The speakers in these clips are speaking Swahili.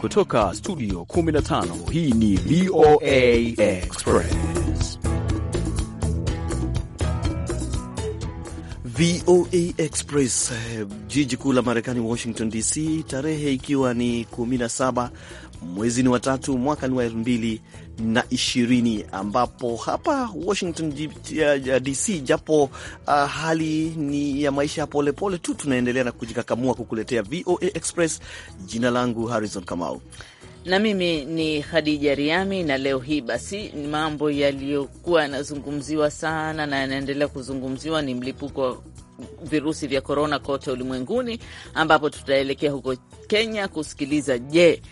Kutoka studio 15 hii ni VOA Express. VOA Express, eh, jiji kuu la Marekani, Washington DC, tarehe ikiwa ni 17 mwezi ni watatu mwaka ni wa elfu mbili na ishirini ambapo hapa Washington DC, japo uh, hali ni ya maisha ya polepole tu, tunaendelea na kujikakamua kukuletea VOA Express. Jina langu Harrison Kamau na mimi ni Khadija Riami, na leo hii basi mambo yaliyokuwa yanazungumziwa sana na yanaendelea kuzungumziwa ni mlipuko virusi vya korona kote ulimwenguni, ambapo tutaelekea huko Kenya kusikiliza je,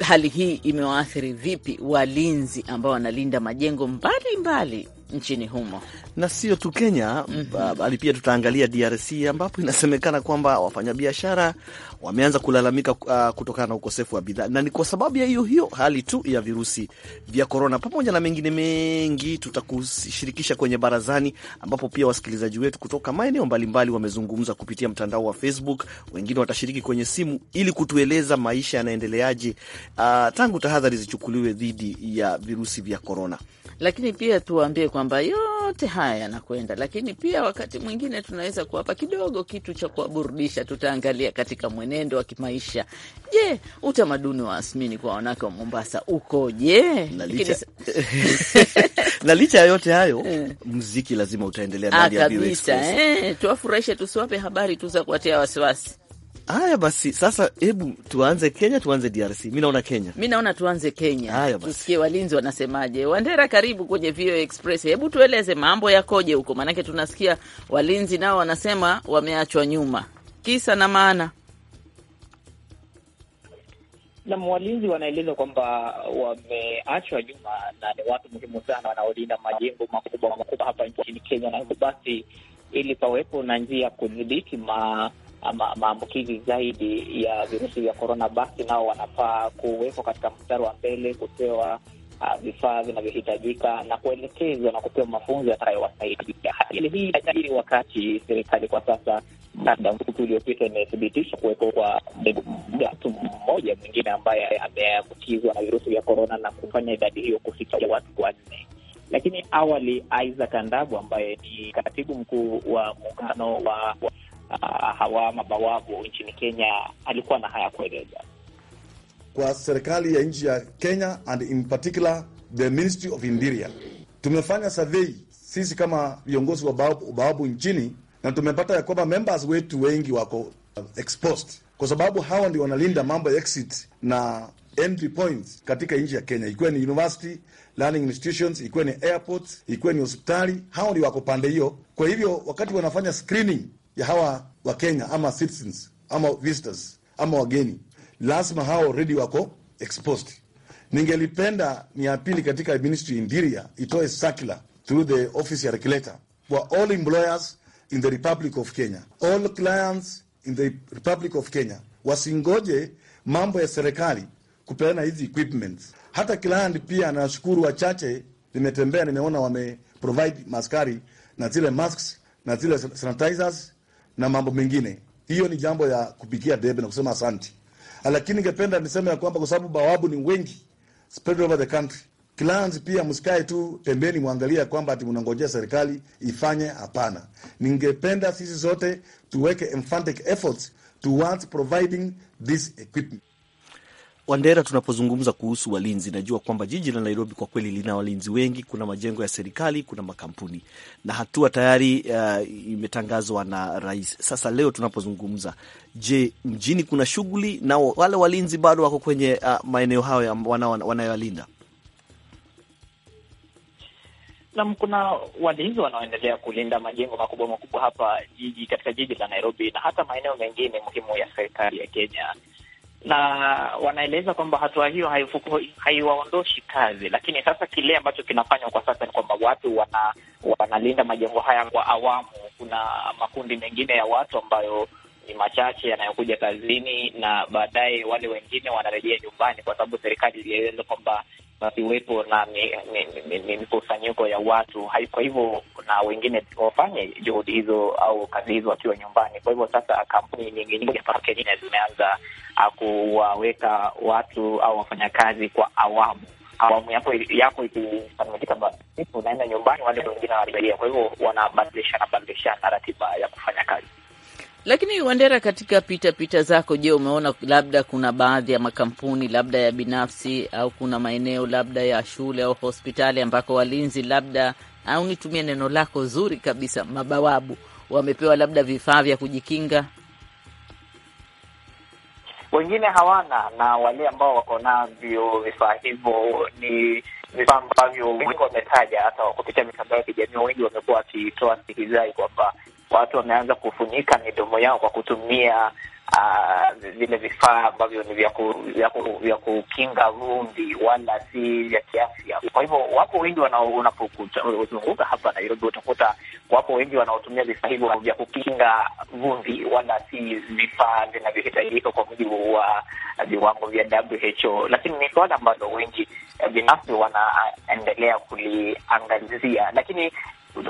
hali hii imewaathiri vipi walinzi ambao wanalinda majengo mbalimbali mbali? nchini humo, na sio tu Kenya mhm. bali mm -hmm. pia tutaangalia DRC ambapo inasemekana kwamba wafanyabiashara wameanza kulalamika uh, kutokana na ukosefu wa bidhaa, na ni kwa sababu ya hiyo hiyo hali tu ya virusi vya korona, pamoja na mengine mengi tutakushirikisha kwenye barazani, ambapo pia wasikilizaji wetu kutoka maeneo mbalimbali wamezungumza kupitia mtandao wa Facebook. Wengine watashiriki kwenye simu ili kutueleza maisha yanaendeleaje, uh, tangu tahadhari zichukuliwe dhidi ya virusi vya korona lakini pia tuwaambie kwamba yote haya yanakwenda, lakini pia wakati mwingine tunaweza kuwapa kidogo kitu cha kuwaburudisha. Tutaangalia katika mwenendo wa kimaisha, je, utamaduni wa asmini kwa wanawake wa Mombasa ukoje? na licha ya yote hayo eh. mziki lazima utaendelea ah, kabisa eh, tuwafurahishe, tusiwape habari tu za kuwatia wasiwasi. Haya basi, sasa hebu tuanze Kenya, tuanze DRC. Mi naona Kenya, mi naona tuanze Kenya. Haya basi, tusikie walinzi wanasemaje. Wandera, karibu kwenye VOA Express. Hebu tueleze mambo yakoje huko, maanake tunasikia walinzi nao wanasema wameachwa nyuma, kisa na maana na walinzi wanaeleza kwamba wameachwa nyuma na ni watu muhimu sana wanaolinda majengo makubwa makubwa hapa nchini Kenya, na hivyo basi ili pawepo na njia ya kudhibiti ma maambukizi zaidi ya virusi vya korona, basi nao wanafaa kuwekwa katika mstari wa mbele, kupewa ah, vifaa vinavyohitajika na kuelekezwa na kupewa mafunzo yatakayowasaidia. Hali hii inajiri wakati serikali kwa sasa muda mfupi uliopita imethibitisha kuwepo kwa mtu mmoja mwingine ambaye ameambukizwa na virusi vya korona na kufanya idadi hiyo kufika watu wanne. Lakini awali Isaac Andabu ambaye ni katibu mkuu wa muungano wa Ah, hawa mabawabu nchini Kenya alikuwa na haya kueleza kwa serikali ya nchi ya Kenya and in particular the Ministry of Interior. Tumefanya survey sisi kama viongozi wa bawabu, nchini na tumepata ya kwamba members wetu wengi wako uh, exposed kwa sababu hawa ndio wanalinda mambo ya exit na entry points katika nchi ya Kenya, ikiwa ni university learning institutions, ikiwa ni airports, ikiwa ni hospitali, Hawa ndio wako pande hiyo. Kwa hivyo wakati wanafanya screening ya hawa wa Kenya ama citizens ama visitors ama wageni, lazima hao already wako exposed. Ningelipenda ni ya pili katika ministry interior itoe circular through the office ya regulator for all employers in the Republic of Kenya, all clients in the Republic of Kenya, wasingoje mambo ya serikali kupeana hizi equipment. Hata client pia anashukuru, wachache nimetembea, nimeona wame provide maskari na zile masks na zile sanitizers na mambo mengine. Hiyo ni jambo ya kupigia debe na kusema asanti, ah, lakini ningependa niseme ya kwamba kwa sababu bawabu ni wengi spread over the country, clans pia msikae tu pembeni mwangalia kwamba ati mnangojea serikali ifanye. Hapana, ningependa sisi zote tuweke emphatic efforts towards providing this equipment. Wandera, tunapozungumza kuhusu walinzi, najua kwamba jiji la Nairobi kwa kweli lina walinzi wengi. Kuna majengo ya serikali, kuna makampuni na hatua tayari uh, imetangazwa na rais. Sasa leo tunapozungumza, je, mjini kuna shughuli na wale walinzi bado wako kwenye uh, maeneo hayo wanayolinda Nam, kuna walinzi wanaoendelea kulinda majengo makubwa makubwa hapa jiji, katika jiji la Nairobi na hata maeneo mengine muhimu ya serikali ya Kenya na wanaeleza kwamba hatua hiyo haiwaondoshi kazi, lakini sasa kile ambacho kinafanywa kwa sasa ni kwamba watu wana, wanalinda majengo haya kwa awamu. Kuna makundi mengine ya watu ambayo ni machache yanayokuja kazini na baadaye wale wengine wanarejea nyumbani, kwa sababu serikali ilieleza kwamba basi uwepo na mikusanyiko ya watu. hai Kwa hivyo na wengine wafanye juhudi hizo au kazi hizo wakiwa nyumbani. Kwa hivyo sasa, kampuni nyingi nyingi hapa Kenya zimeanza ah, kuwaweka watu au wafanyakazi kwa awamu awamu yako yako ikikamilika, basi unaenda nyumbani, wale wengine wanarejea. Kwa hivyo wanabadilishana badilishana ratiba ya kufanya kazi. Lakini Wandera, katika pita pita zako, je, umeona labda kuna baadhi ya makampuni labda ya binafsi au kuna maeneo labda ya shule au hospitali ambako walinzi labda, au nitumie neno lako zuri kabisa, mabawabu wamepewa labda vifaa vya kujikinga? Wengine hawana, na wale ambao wako navyo vifaa hivyo ni vifaa ambavyo wengi wametaja, hata kupitia mitandao ya kijamii, wengi wamekuwa wakitoa stihizai kwamba watu wameanza kufunika midomo yao kwa kutumia uh, vile vifaa ambavyo ni vya kukinga vumbi wala si vya kiafya. Kwa hivyo wapo wengi unapozunguka hapa Nairobi utakuta wapo wengi wanaotumia vifaa hivyo vya kukinga vumbi wala si vifaa vinavyohitajika kwa mujibu wa viwango vya WHO, lakini ni suala ambalo wengi binafsi wanaendelea kuliangazia, lakini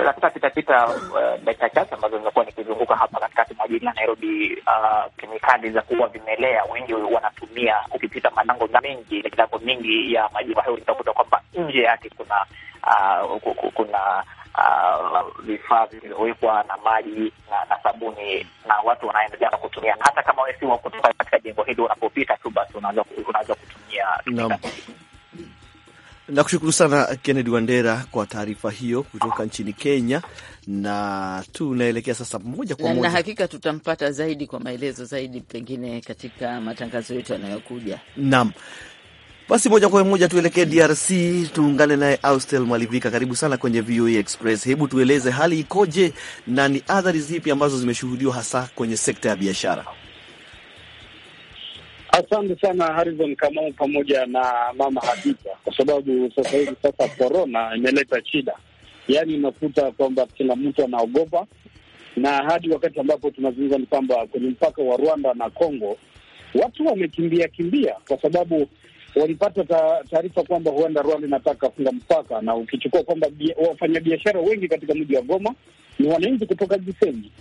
sasa pitapita uh, dakika chache ambazo zinakuwa ni kuzunguka hapa katikati mwa jiji la Nairobi. Uh, kemikali za kuua vimelea wengi wanatumia ukipita malango mengi, milango mingi ya majumba hayo, utakuta kwamba nje yake kuna uh, kuna vifaa vilivyowekwa na maji na sabuni, na watu wanaendelea na kutumia, hata kama wewe si wa kutoka katika jengo hili, unapopita tu basi unaweza kutumia Nakushukuru sana Kennedy Wandera kwa taarifa hiyo kutoka nchini Kenya, na tunaelekea sasa moja kwa moja, na hakika tutampata zaidi kwa maelezo zaidi pengine katika matangazo yetu yanayokuja. Naam, basi moja kwa moja tuelekee DRC, tuungane naye Austel Malivika. Karibu sana kwenye VOA e Express. Hebu tueleze hali ikoje na ni athari zipi ambazo zimeshuhudiwa hasa kwenye sekta ya biashara? Asante sana Harrison Kamau pamoja na mama Hadija, kwa sababu sasa hivi sasa korona imeleta shida, yaani unakuta kwamba kila mtu anaogopa, na hadi wakati ambapo tunazungumza ni kwamba kwenye mpaka wa Rwanda na congo watu wamekimbia kimbia, kwa sababu walipata taarifa kwamba huenda Rwanda inataka kufunga mpaka, na ukichukua kwamba wafanyabiashara wengi katika mji wa Goma ni wananchi kutoka Gisenyi,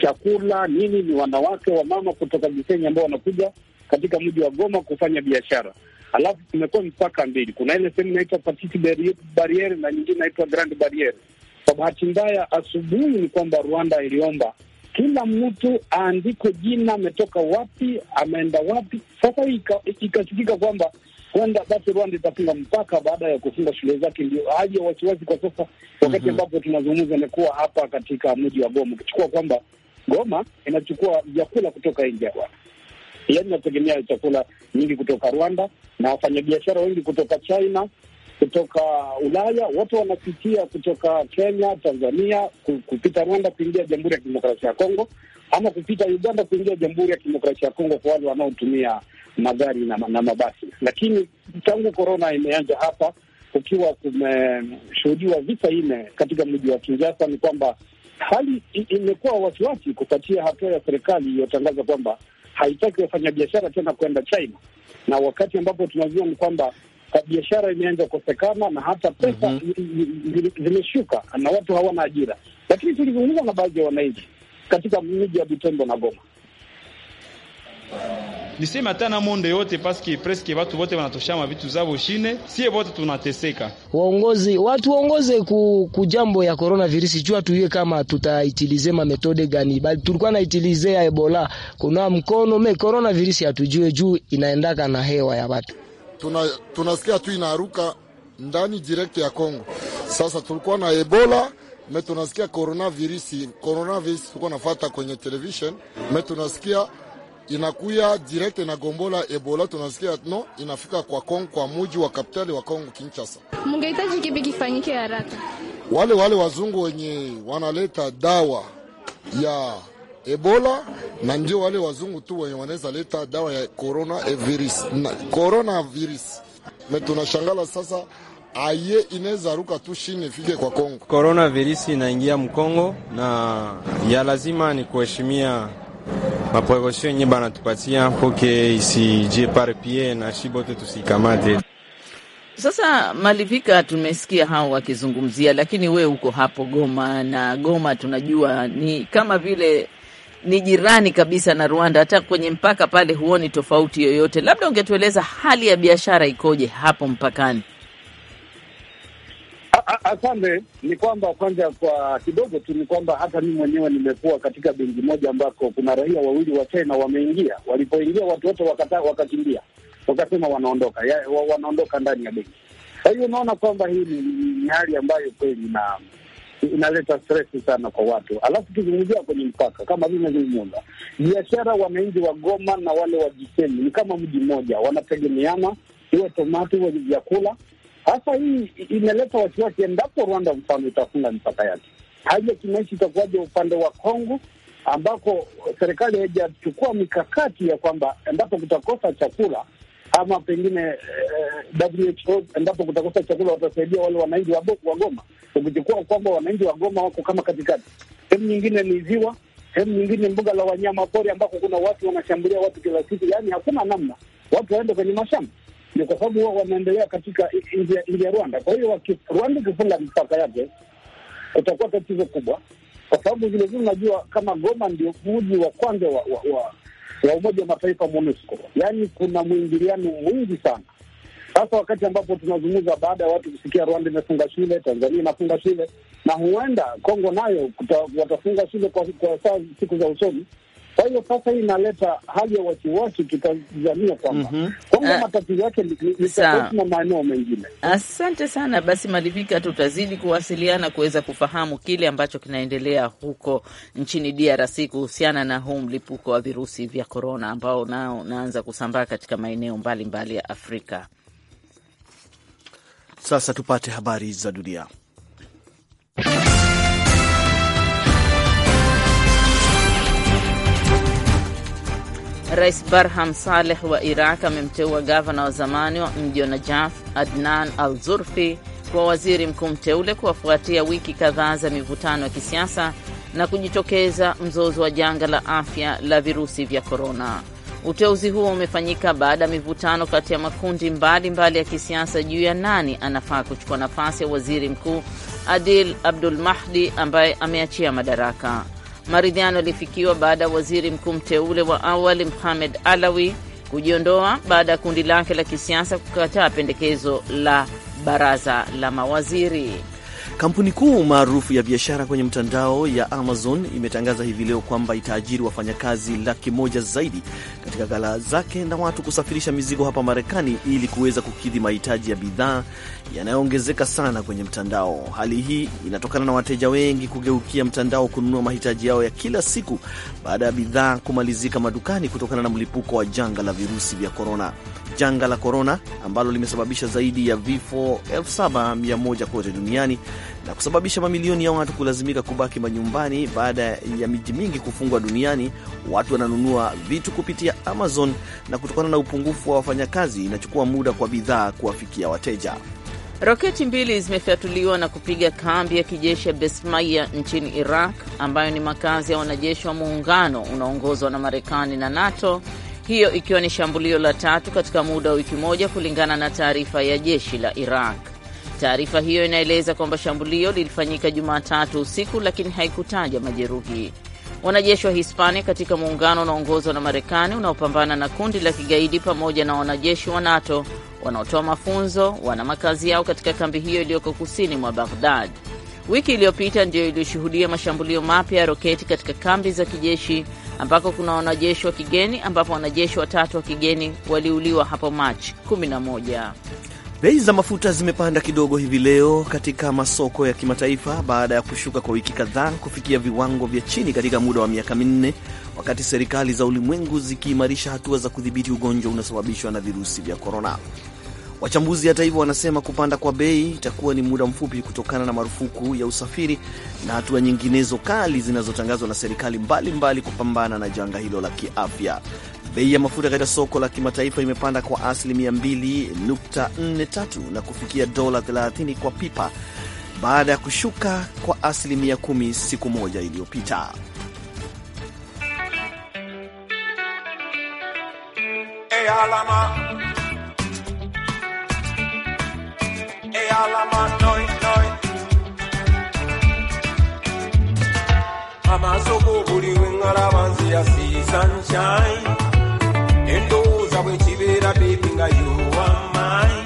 chakula nini, ni wanawake wa mama kutoka Gisenyi ambao wanakuja katika mji wa Goma kufanya biashara. Alafu kumekuwa mipaka mbili, kuna ile sehemu inaitwa Petite Barriere na nyingine inaitwa Grand Barriere. Kwa bahati mbaya, asubuhi ni kwamba Rwanda iliomba kila mtu aandike jina, ametoka wapi, ameenda wapi. Sasa ikasikika kwamba kwenda basi Rwanda itafunga mpaka baada ya kufunga shule zake. Ndio hali ya wasiwasi kwa sasa, wakati mhm. ambapo mm -hmm. tunazungumza amekuwa hapa katika mji wa Goma, ukichukua kwamba Goma inachukua vyakula kutoka nje ya Rwanda yaani nategemea chakula nyingi kutoka Rwanda na wafanyabiashara wengi kutoka China, kutoka Ulaya, wote wanapitia kutoka Kenya, Tanzania, kupita Rwanda kuingia Jamhuri ya Kidemokrasia ya Kongo ama kupita Uganda kuingia Jamhuri ya Kidemokrasia ya Kongo kwa wale wanaotumia magari na, na mabasi. Lakini tangu korona imeanza hapa kukiwa kumeshuhudiwa visa nne katika mji wa Kinshasa, ni kwamba hali imekuwa wasiwasi kufuatia hatua ya serikali iliyotangaza kwamba haitaki wafanya biashara tena kwenda China, na wakati ambapo tunajua ni kwamba biashara imeanza kukosekana na hata pesa mm -hmm. zimeshuka na watu hawana ajira, lakini tulizungumza na baadhi ya wananchi katika miji ya Butembo na Goma niseme hata na monde yote paske preske watu wote wanatoshama vitu zao shine, sie wote tunateseka. Waongozi watu waongoze ku, ku jambo ya corona virusi, jua tuiye kama tutaitilize ma metode gani, bali tulikuwa naitilize ya Ebola kuna mkono me corona virusi hatujue juu inaendaka na hewa ya watu. Tuna tunasikia tu inaruka ndani direct ya Kongo. Sasa tulikuwa na Ebola me tunasikia coronavirus, coronavirus tulikuwa nafuata kwenye television me tunasikia inakuya direct na gombola Ebola, tunasikia no, inafika kwa Kongo, kwa muji wa kapitali wa Kongo Kinshasa. Mungehitaji kipi kifanyike haraka? Wale wale wazungu wenye wanaleta dawa ya Ebola na ndio wale wazungu tu wenye wanaweza leta dawa ya corona e virus na corona virus me tunashangala sasa, aye inaweza ruka tu shini ifike kwa Kongo. Corona virus inaingia mkongo na ya lazima ni kuheshimia maprevensio yenye banatupatia poke isijie par pie na shi bote tusikamate. Sasa Malivika, tumesikia hao wakizungumzia, lakini we uko hapo Goma na Goma tunajua ni kama vile ni jirani kabisa na Rwanda, hata kwenye mpaka pale huoni tofauti yoyote. Labda ungetueleza hali ya biashara ikoje hapo mpakani? Asante. Ni kwamba kwanza, kwa kidogo tu, ni kwamba hata mimi mwenyewe nimekuwa katika benki moja ambako kuna raia wawili wa China wameingia. Walipoingia watu wote wakataa, wakakimbia, wakasema wanaondoka ya, wa, wanaondoka ndani ya benki. Kwa hiyo unaona kwamba hii ni hali ambayo kweli inaleta stress sana kwa watu. Alafu tuzungumzia kwenye mpaka, kama vile nazungumza biashara, wananchi wa Goma na wale wa Gisenyi ni kama mji mmoja, wanategemeana, iwe tomati, iwe vyakula sasa hii imeleta wasiwasi, endapo Rwanda mfano itafunga mipaka yake, ya kimaisha itakuwaje upande wa Kongo ambako serikali haijachukua mikakati ya kwamba endapo kutakosa chakula ama pengine eh, WHO endapo kutakosa chakula watasaidia wale wananchi wa Goma, ukichukua kwamba wananchi wa Goma wako kama katikati, sehemu nyingine ni ziwa, sehemu nyingine mbuga la wanyama pori ambako kuna watu wanashambulia watu kila siku, yaani hakuna namna, watu waende kwenye mashamba ni kwa sababu wao wanaendelea katika nji ya Rwanda. Kwa hiyo Rwanda ikifunga mipaka yake kutakuwa tatizo kubwa, kwa sababu vilevile unajua kama Goma ndio mji wa kwanza wa, wa, wa, wa Umoja wa Mataifa MONUSCO, yaani kuna mwingiliano mwingi sana. Sasa wakati ambapo tunazungumza, baada ya watu kusikia Rwanda imefunga shule, Tanzania inafunga shule, na huenda Kongo nayo watafunga shule kwa, kwa saa siku za usoni kwa hiyo sasa hii inaleta hali ya wasiwasi kitazamia kwamba mm -hmm. kwamba uh, matatizo yake ni tofauti na maeneo mengine. Asante sana. Basi Malivika, tutazidi kuwasiliana kuweza kufahamu kile ambacho kinaendelea huko nchini DRC kuhusiana na huu mlipuko wa virusi vya korona ambao nao unaanza kusambaa katika maeneo mbalimbali ya Afrika. Sasa tupate habari za dunia. Rais Barham Saleh wa Iraq amemteua gavana wa zamani wa mji wa Najaf Adnan Al Zurfi kwa waziri mkuu mteule kuwafuatia wiki kadhaa za mivutano ya kisiasa na kujitokeza mzozo wa janga la afya la virusi vya korona. Uteuzi huo umefanyika baada ya mivutano kati ya makundi mbalimbali mbali ya kisiasa juu ya nani anafaa kuchukua nafasi ya waziri mkuu Adil Abdul Mahdi ambaye ameachia madaraka. Maridhiano yalifikiwa baada ya waziri mkuu mteule wa awali Mohamed Alawi kujiondoa baada ya kundi lake la kisiasa kukataa pendekezo la baraza la mawaziri. Kampuni kuu maarufu ya biashara kwenye mtandao ya Amazon imetangaza hivi leo kwamba itaajiri wafanyakazi laki moja zaidi katika ghala zake na watu kusafirisha mizigo hapa Marekani ili kuweza kukidhi mahitaji ya bidhaa yanayoongezeka sana kwenye mtandao. Hali hii inatokana na wateja wengi kugeukia mtandao kununua mahitaji yao ya kila siku baada ya bidhaa kumalizika madukani kutokana na mlipuko wa janga la virusi vya korona, janga la korona ambalo limesababisha zaidi ya vifo 71 kote duniani na kusababisha mamilioni ya watu kulazimika kubaki manyumbani baada ya miji mingi kufungwa duniani. Watu wananunua vitu kupitia Amazon na kutokana na upungufu wa wafanyakazi, inachukua muda kwa bidhaa kuwafikia wateja. Roketi mbili zimefyatuliwa na kupiga kambi ya kijeshi ya Besmaya nchini Iraq, ambayo ni makazi ya wanajeshi wa muungano unaoongozwa na Marekani na NATO, hiyo ikiwa ni shambulio la tatu katika muda wa wiki moja, kulingana na taarifa ya jeshi la Iraq. Taarifa hiyo inaeleza kwamba shambulio lilifanyika Jumatatu usiku, lakini haikutaja majeruhi. Wanajeshi wa Hispania katika muungano unaoongozwa na Marekani unaopambana na kundi la kigaidi pamoja na wanajeshi wa NATO wanaotoa mafunzo wana makazi yao katika kambi hiyo iliyoko kusini mwa Baghdad. Wiki iliyopita ndiyo iliyoshuhudia mashambulio mapya ya roketi katika kambi za kijeshi ambako kuna wanajeshi wa kigeni, ambapo wanajeshi watatu wa kigeni waliuliwa hapo Machi 11. Bei za mafuta zimepanda kidogo hivi leo katika masoko ya kimataifa baada ya kushuka kwa wiki kadhaa kufikia viwango vya chini katika muda wa miaka minne, wakati serikali za ulimwengu zikiimarisha hatua za kudhibiti ugonjwa unaosababishwa na virusi vya korona. Wachambuzi hata hivyo, wanasema kupanda kwa bei itakuwa ni muda mfupi kutokana na marufuku ya usafiri na hatua nyinginezo kali zinazotangazwa na serikali mbalimbali mbali kupambana na janga hilo la kiafya. Bei ya mafuta katika soko la kimataifa imepanda kwa asilimia 2.43 na kufikia dola 30 kwa pipa baada ya kushuka kwa asilimia 10 siku moja iliyopita. Hey, alama. Hey, alama, noi, noi. buli sunshine nendowooza bwekibeera bebi nga yowamai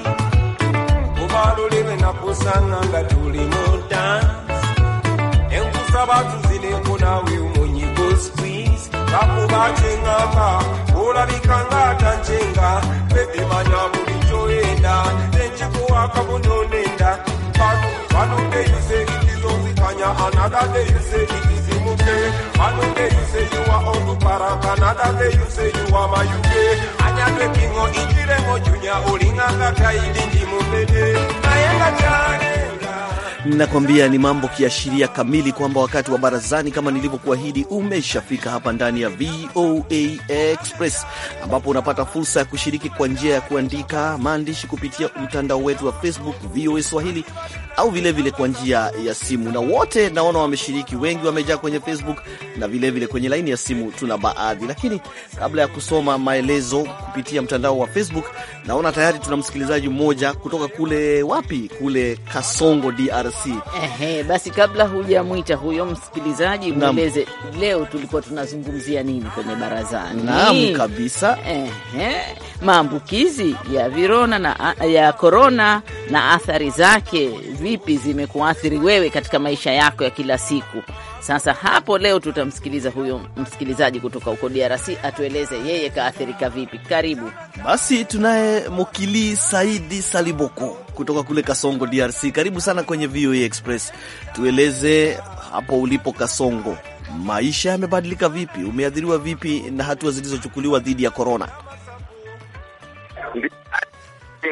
kubalole lwenakusanga nga tuli mu dansi enkusaba tuzineko nawe omunyigo squiz kakuba kyengaka olabika nga atancenga bebimanya bulijoenda nenkikuwa kabunonenda banongeyuzeekiki Kenya, another day you say it is in UK. another day you say you are on Upara, another day you say you are my UK. Anyagwe kingo, injire mo junior, ulinga kaka ili ndimutede. Nayenga chane, Nakwambia ni mambo kiashiria kamili kwamba wakati wa barazani kama nilivyokuahidi umeshafika hapa ndani ya VOA Express, ambapo unapata fursa ya kushiriki kwa njia ya kuandika maandishi kupitia mtandao wetu wa Facebook VOA Swahili au vilevile kwa njia ya simu. Na wote naona wameshiriki, wengi wamejaa kwenye Facebook na vilevile vile kwenye laini ya simu tuna baadhi, lakini kabla ya kusoma maelezo kupitia mtandao wa Facebook, naona tayari tuna msikilizaji mmoja kutoka kule wapi, kule Kasongo DRC. Mosi. Ehe, basi kabla hujamwita huyo msikilizaji, mweleze leo tulikuwa tunazungumzia nini kwenye barazani? Naam, kabisa. Ehe, maambukizi ya virona na ya korona na athari zake vipi zimekuathiri wewe katika maisha yako ya kila siku? Sasa hapo leo tutamsikiliza huyo msikilizaji kutoka huko DRC atueleze yeye kaathirika vipi. Karibu. Basi tunaye Mukili Saidi Saliboko kutoka kule Kasongo, DRC. Karibu sana kwenye VOA Express. Tueleze hapo ulipo Kasongo, maisha yamebadilika vipi? Umeathiriwa vipi na hatua zilizochukuliwa dhidi ya korona?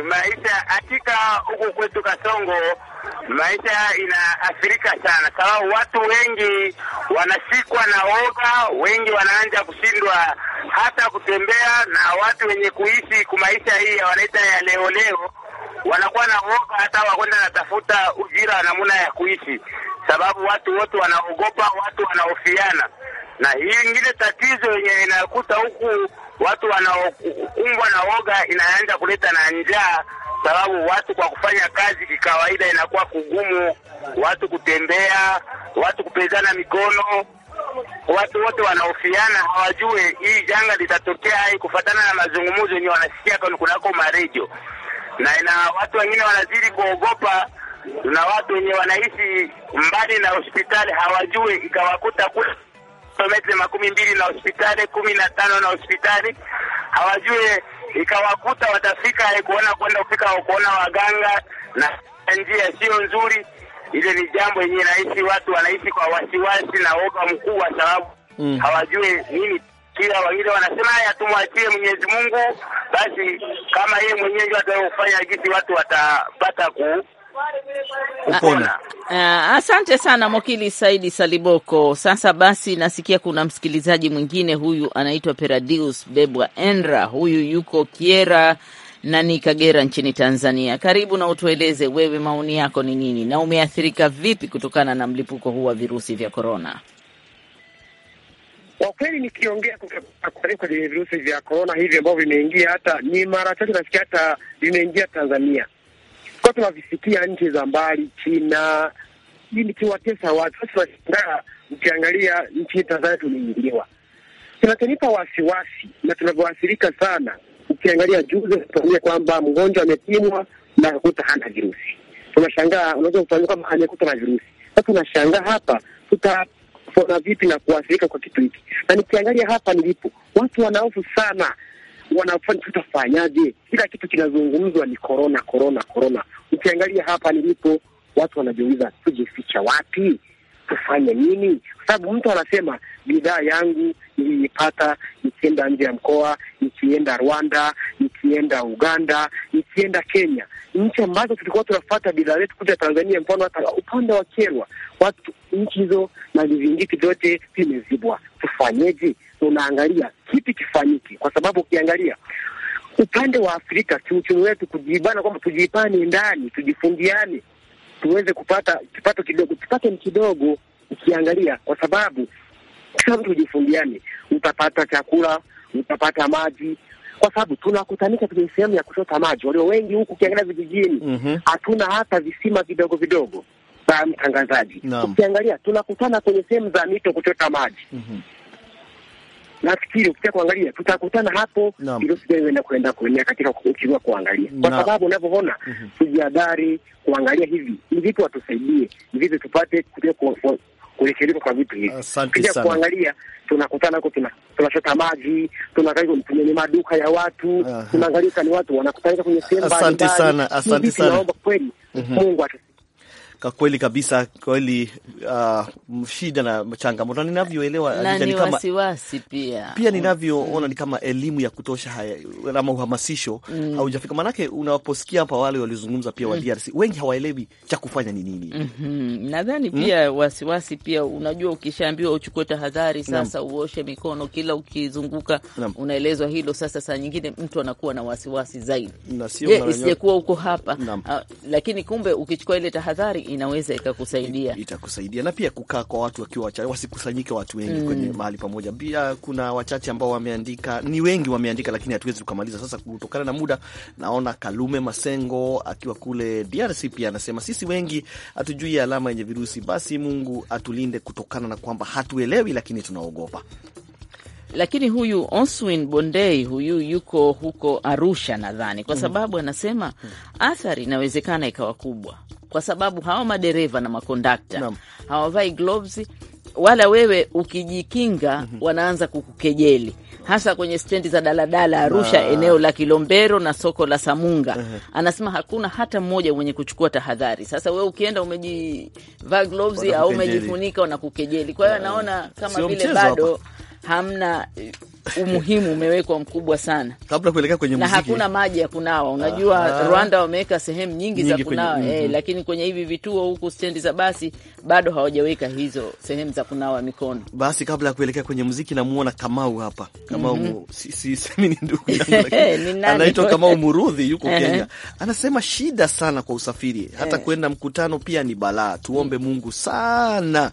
Maisha hakika huku kwetu Kasongo maisha inaathirika sana, sababu watu wengi wanashikwa na oga, wengi wanaanza kushindwa hata kutembea, na watu wenye kuishi kumaisha hii wanaita ya leo leo wanakuwa na uoga hata wakwenda natafuta ujira namna ya kuishi, sababu watu wote wanaogopa, watu wanaofiana. Na hii ingine tatizo yenye inakuta huku watu wanaokumbwa na woga inaanza kuleta na njaa, sababu watu kwa kufanya kazi kikawaida inakuwa kugumu, watu kutembea, watu kupezana mikono watu wote wanaofiana, hawajue hii janga litatokea. hai kufatana na mazungumzo yenye wanasikia kunako maredio, na ina watu wengine wanazidi kuogopa, na watu wenye wanaishi mbali na hospitali hawajue, ikawakuta kule kilomita makumi mbili na hospitali kumi na tano na hospitali hawajue, ikawakuta watafika kuona kwenda kufika kuona waganga na njia sio nzuri. Ile ni jambo yenye naishi watu wanaishi kwa wasiwasi na woga mkuu, kwa sababu mm, hawajue nini kila wawili wanasema haya, tumwachie Mwenyezi Mungu basi, kama yeye mwenyewe atakufanya jinsi watu watapata ku Uh, Asante sana Mokili Saidi Saliboko. Sasa basi, nasikia kuna msikilizaji mwingine, huyu anaitwa Peradius Bebwa Endra, huyu yuko Kiera na ni Kagera nchini Tanzania. Karibu na utueleze wewe, maoni yako ni nini na umeathirika vipi kutokana na mlipuko huu wa virusi vya korona? Kwa kweli nikiongea kwenye virusi vya korona hivi ambavyo vimeingia, hata ni mara chache nasikia hata vimeingia Tanzania, kwa tunavisikia nchi za mbali, China hii nikiwatesa watu sasa. Tunashangaa ukiangalia nchi Tanzania tuliingiliwa. Kinachonipa wasiwasi na tunavyoathirika sana, ukiangalia juzi tunaambia kwamba mgonjwa amepimwa na kukuta hana virusi, tunashangaa. Unaweza kutambua kama amekuta na virusi sasa, tunashangaa hapa tuta kupona vipi na kuathirika kwa kitu hiki. Na nikiangalia hapa nilipo, watu wanaofu sana wanafanya tutafanyaje? Kila kitu kinazungumzwa ni korona, korona, korona. Ukiangalia hapa nilipo, watu wanajiuliza tujificha wapi? tufanye nini? Kwa sababu mtu anasema bidhaa yangu niliipata nikienda nje ya mkoa, nikienda Rwanda, nikienda Uganda, nikienda Kenya, nchi ambazo tulikuwa tunafata bidhaa zetu kuja Tanzania. Mfano hata upande wa Kerwa, watu nchi hizo na vizingiti vyote vimezibwa. Tufanyeje? Unaangalia kipi kifanyike, kwa sababu ukiangalia upande wa Afrika kiuchumi wetu kujibana kwamba tujipane ndani tujifungiane tuweze kupata kipato kidogo, tupate ni kidogo ukiangalia, kwa sababu kila mtu ujifungiani utapata chakula, utapata maji kwa sababu tunakutanika kwenye sehemu ya kuchota maji. Walio wengi huku ukiangalia vijijini mhm. hatuna mm -hmm. hata visima vidogo vidogo, za mtangazaji, ukiangalia tunakutana kwenye sehemu za mito kuchota maji mm -hmm nafikiri ukitaka kuangalia tutakutana hapo, ndio sijaenda kwenda kuenea katika ukiwa kuangalia, kwa sababu unavyoona mhm. tujihadhari kuangalia hivi ni vipi watusaidie, ni vipi tupate kurekebika kwa vitu hivi, pia kuangalia tunakutana huko, tuna tunachota maji, tunakaa kwenye maduka ya watu, tunaangalia ni watu wanakutanika kwenye sehemu mbalimbali. Asante sana, asante sana, naomba kweli mhm. Mungu atusaidie. Kwa kweli kabisa, kweli uh, shida na changamoto ninavyoelewa ni kama wasiwasi pia, pia mm. ninavyoona mm. ni kama elimu ya kutosha haya, ama uhamasisho mm. haujafika. Maanake unaposikia hapa wale waliozungumza pia wa DRC mm. wengi hawaelewi cha kufanya ni nini mm-hmm. mm -hmm. nadhani pia mm. wasiwasi pia, unajua ukishaambiwa uchukue tahadhari sasa Nam. uoshe mikono kila ukizunguka Nam. unaelezwa hilo. Sasa saa nyingine mtu anakuwa na wasiwasi zaidi, isiyekuwa uko hapa uh, lakini kumbe ukichukua ile tahadhari inaweza ikakusaidia, itakusaidia na pia kukaa kwa watu wakiwa wachache, wasikusanyike watu wengi mm. kwenye mahali pamoja. Pia kuna wachache ambao wameandika, ni wengi wameandika, lakini hatuwezi tukamaliza sasa kutokana na muda. Naona Kalume Masengo akiwa kule DRC pia anasema sisi wengi hatujui alama yenye virusi, basi Mungu atulinde kutokana na kwamba hatuelewi, lakini tunaogopa. Lakini huyu Oswin Bondei huyu yuko huko Arusha nadhani, kwa mhm. sababu anasema athari inawezekana ikawa kubwa, kwa sababu hawa madereva na makondakta hawavai gloves wala wewe ukijikinga mm -hmm. wanaanza kukukejeli hasa kwenye stendi za daladala Arusha na, ah. eneo la Kilombero na soko la Samunga. uh -huh. Anasema hakuna hata mmoja mwenye kuchukua tahadhari. Sasa we ukienda umejivaa gloves au umejifunika, na kukejeli, Kwa hiyo anaona ah. kama vile bado hapa hamna eh, umuhimu umewekwa mkubwa sana kabla kuelekea kwenye muziki, na hakuna maji ya kunawa. Unajua Aha. Rwanda wameweka sehemu nyingi, nyingi za kunawa kwenye, eh, mhm. lakini kwenye hivi vituo huku stendi za basi bado hawajaweka hizo sehemu za kunawa mikono. Basi kabla ya kuelekea kwenye muziki, namuona Kamau hapa. Kamau mm -hmm. si, si, semi ni ndugu yangu anaitwa Kamau Murudhi yuko Kenya, anasema shida sana kwa usafiri, hata kwenda mkutano pia ni balaa. Tuombe mm. Mungu sana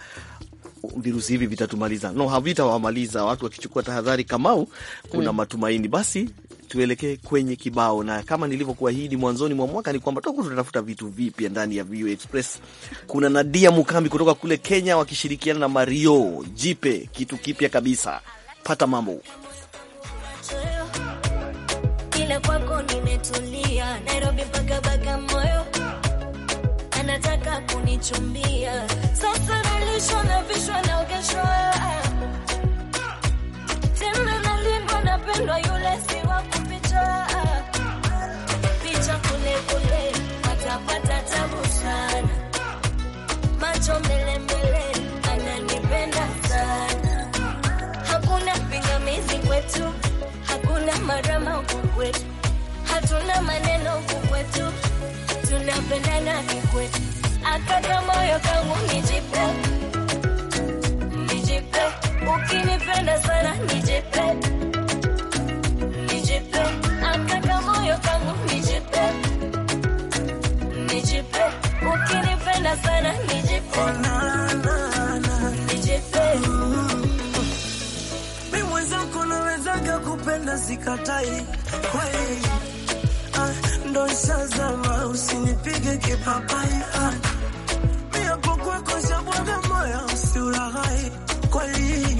virusi hivi vitatumaliza. No, havitawamaliza. Watu wakichukua tahadhari, Kamau, kuna mm. matumaini. Basi tuelekee kwenye kibao, na kama nilivyokuahidi mwanzoni mwa mwaka ni kwamba tutakuwa tunatafuta vitu vipya ndani ya VOA Express. Kuna Nadia Mukambi kutoka kule Kenya wakishirikiana na Mario Jipe, kitu kipya kabisa. Pata mambo kwako nimetulia Nairobi mpaka Bagamoyo, anataka kunichumbia sasa Ukishona vishwa na eh. tena na pendwa, yule si wa kupicha eh. picha, kule kule atapata tabu sana, macho mbele mbele, ananipenda sana, hakuna pingamizi kwetu, hakuna marama huku kwetu, hatuna maneno huku kwetu, tunapendana kikwetu, akata moyo kangu nijipe ukinipenda sana nijipe, nijipe, ataka moyo kangu nijipe, nijipe, ukinipenda sana nijipe, nijipe. Mimi mwenzako nawezaga kupenda sikatai kweli, ah, ndo shazama usinipige kipapai ah, miapo kwako shabwaga moyo kweli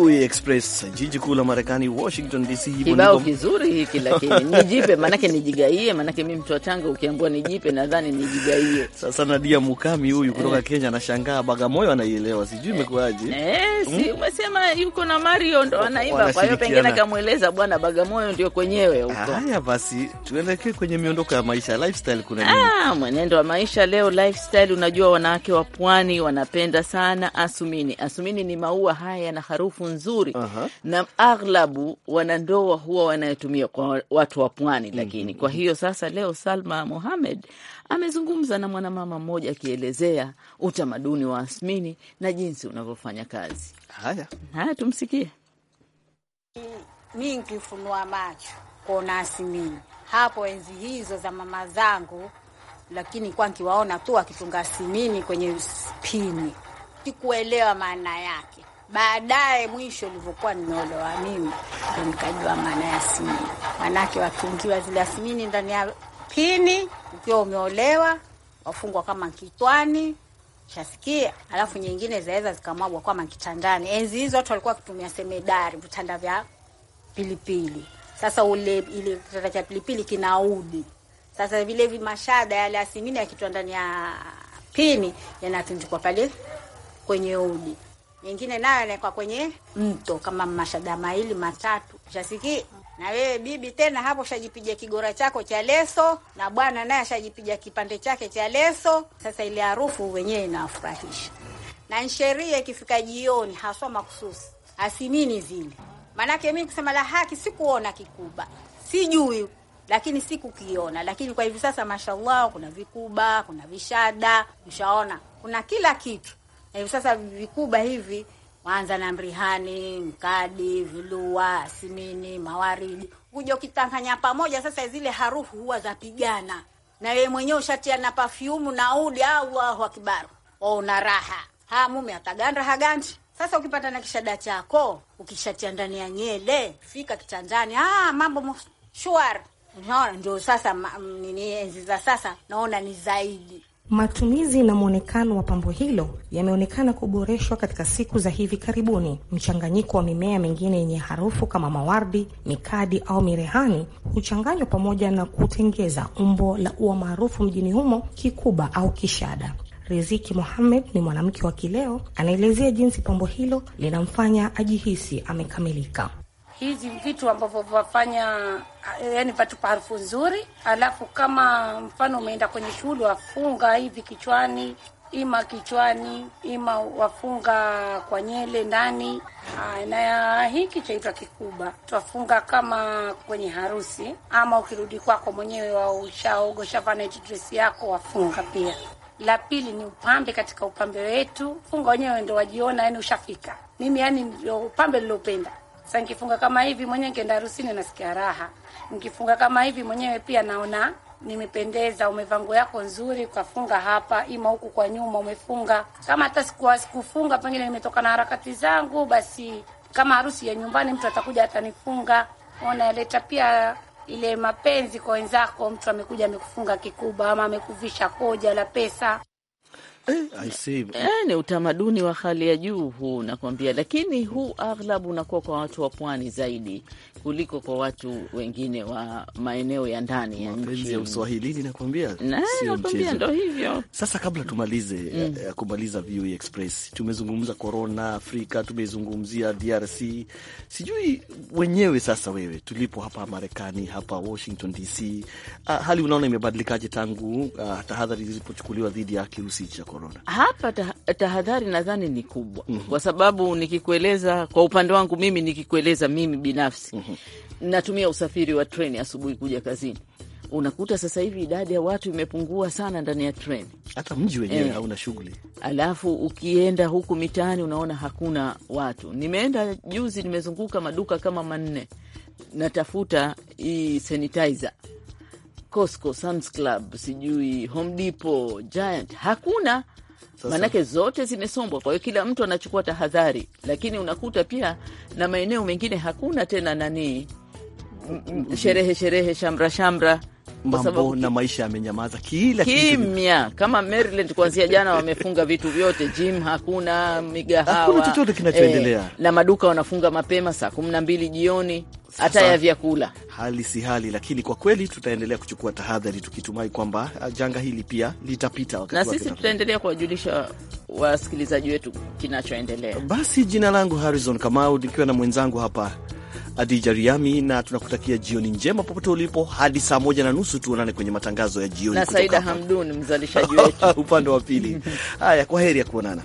VOA Express, jiji kuu la Marekani, Washington DC. Kibao kizuri hiki lakini nijipe, maanake nijigaie, maanake mi mtu wa Tanga, ukiambua nijipe nadhani nijigaie. Sasa Nadia Mukami huyu kutoka eh, Kenya anashangaa, Bagamoyo anaielewa, sijui imekuwaje eh, mm. Si umesema yuko na Mario ndo anaiba, kwa hiyo pengine akamweleza bwana Bagamoyo ndio kwenyewe huko. Haya basi, tuelekee kwenye miondoko ya maisha lifestyle, kuna nini? Ah, mwenendo wa maisha leo lifestyle, unajua wanawake wa pwani wanapenda sana asumini. Asumini ni maua haya na harufu nzuri uh -huh. na aghlabu wanandoa huwa wanayotumia kwa watu wa pwani, mhm, lakini mm -hmm. kwa hiyo sasa leo Salma Mohamed amezungumza na mwanamama mmoja akielezea utamaduni wa asmini na jinsi unavyofanya kazi. Haya, haya tumsikie. Mi nkifunua macho kuona asimini hapo enzi hizo za mama zangu, lakini kwa nkiwaona tu akitunga asmini kwenye spini, sikuelewa maana yake. Baadaye mwisho nilivyokuwa nimeolewa mimi ndo nikajua maana ya simini, manake wakiungiwa zile simini ndani ya pini, ukiwa umeolewa wafungwa kama kitwani chasikia, alafu nyingine zaweza zikamwagwa kama kitandani. Enzi hizo watu walikuwa wakitumia semedari, vitanda vya pilipili. Sasa ule ile kitanda cha pilipili kinaudi. Sasa vile vimashada yale asimini yakitwa ndani ya pini yanatundikwa pale kwenye udi nyingine nayo naekwa kwenye mto kama mashada maili matatu shasiki na wewe bibi tena hapo shajipiga kigora chako cha leso, na bwana naye shajipiga kipande chake cha leso. Sasa ile harufu wenyewe inawafurahisha. Na nsheria ikifika jioni, haswa makususi asimini zile, maanake mi kusema la haki sikuona kikuba, sijui lakini sikukiona. Lakini kwa hivi sasa, mashallah, kuna vikuba, kuna vishada, mshaona, kuna kila kitu hivi sasa vikuba hivi Wanza na mrihani, mkadi, vilua, simini, mawaridi, huja ukitanganya pamoja. Sasa zile harufu huwa zapigana, na yeye mwenyewe ushatia na pafyumu na udi. au akbar, oh, una raha ha, mume ataganda haganti. Sasa ukipata na kishada chako ukishatia ndani ya nyele, fika kitandani, ah, mambo shwari. Unaona, ndio sasa nini, enzi za sasa naona ni zaidi Matumizi na mwonekano wa pambo hilo yameonekana kuboreshwa katika siku za hivi karibuni. Mchanganyiko wa mimea mingine yenye harufu kama mawardi, mikadi au mirehani huchanganywa pamoja na kutengeza umbo la ua maarufu mjini humo, kikuba au kishada. Riziki Mohamed ni mwanamke wa kileo, anaelezea jinsi pambo hilo linamfanya ajihisi amekamilika hizi vitu ambavyo vafanya yani vatupa harufu nzuri. Alafu kama mfano umeenda kwenye shughuli, wafunga hivi kichwani, ima kichwani, ima wafunga kwa nyele ndani, na hiki chaitwa kikuba, twafunga kama kwenye harusi, ama ukirudi kwako mwenyewe waushaogo shavaneti dresi yako wafunga pia. La pili ni upambe. Katika upambe wetu funga wenyewe ndo wajiona, yani ushafika. Mimi yani ndio upambe niliopenda sasa nikifunga kama hivi mwenyewe nikienda harusini nasikia raha. Nikifunga kama hivi mwenyewe pia naona nimependeza, umevango yako nzuri ukafunga hapa ima huku kwa nyuma umefunga. Kama hata sikuwa sikufunga, pengine nimetoka na harakati zangu, basi kama harusi ya nyumbani mtu atakuja atanifunga. Ona pia ile mapenzi kwa wenzako, mtu amekuja amekufunga kikubwa ama amekuvisha koja la pesa. Eh, eh, ni utamaduni wa hali ya juu huu nakwambia, lakini huu aghlabu unakuwa kwa watu wa pwani zaidi kuliko kwa watu wengine wa maeneo ya ndani ya nchi. Ya uswahilini nakwambia, eh, nakwambia ndo hivyo. Sasa kabla tumalize mm. uh, kumaliza VOA Express, tumezungumza corona, Afrika, tumezungumzia DRC, sijui wenyewe sasa, wewe tulipo hapa Marekani, hapa Washington DC, uh, ah, hali unaona imebadilikaje tangu uh, tahadhari zilipochukuliwa dhidi ya kirusi cha korona? korona? Hapa tahadhari nadhani ni kubwa mm -hmm. kwa sababu nikikueleza kwa upande wangu mimi, nikikueleza mimi binafsi mm -hmm. natumia usafiri wa treni asubuhi kuja kazini unakuta sasa hivi idadi ya watu imepungua sana ndani ya treni, hata mji wenyewe eh, hauna shughuli. Alafu ukienda huku mitaani unaona hakuna watu. Nimeenda juzi, nimezunguka maduka kama manne natafuta hii sanitizer Costco, Sam's Club, sijui Home Depot, Giant, hakuna maanake zote zimesombwa. Kwa hiyo kila mtu anachukua tahadhari, lakini unakuta pia na maeneo mengine hakuna tena nani sherehe sherehe, shamra shamra mambo na maisha yamenyamaza, kila kimya. Kama Maryland kuanzia jana wamefunga vitu vyote, gym hakuna, migahawa hakuna, chochote kinachoendelea eh, na maduka wanafunga mapema saa kumi na mbili jioni hata ya vyakula. Hali si hali, lakini kwa kweli tutaendelea kuchukua tahadhari tukitumai kwamba uh, janga hili pia litapita, na sisi tutaendelea kuwajulisha wasikilizaji wetu kinachoendelea. Basi, jina langu Harrison Kamau nikiwa na mwenzangu hapa Adija Riami, na tunakutakia jioni njema popote ulipo, hadi saa moja na nusu tuonane kwenye matangazo ya jioni na Saida Hamdun, mzalishaji wetu upande wa pili. Haya, kwa heri ya kuonana.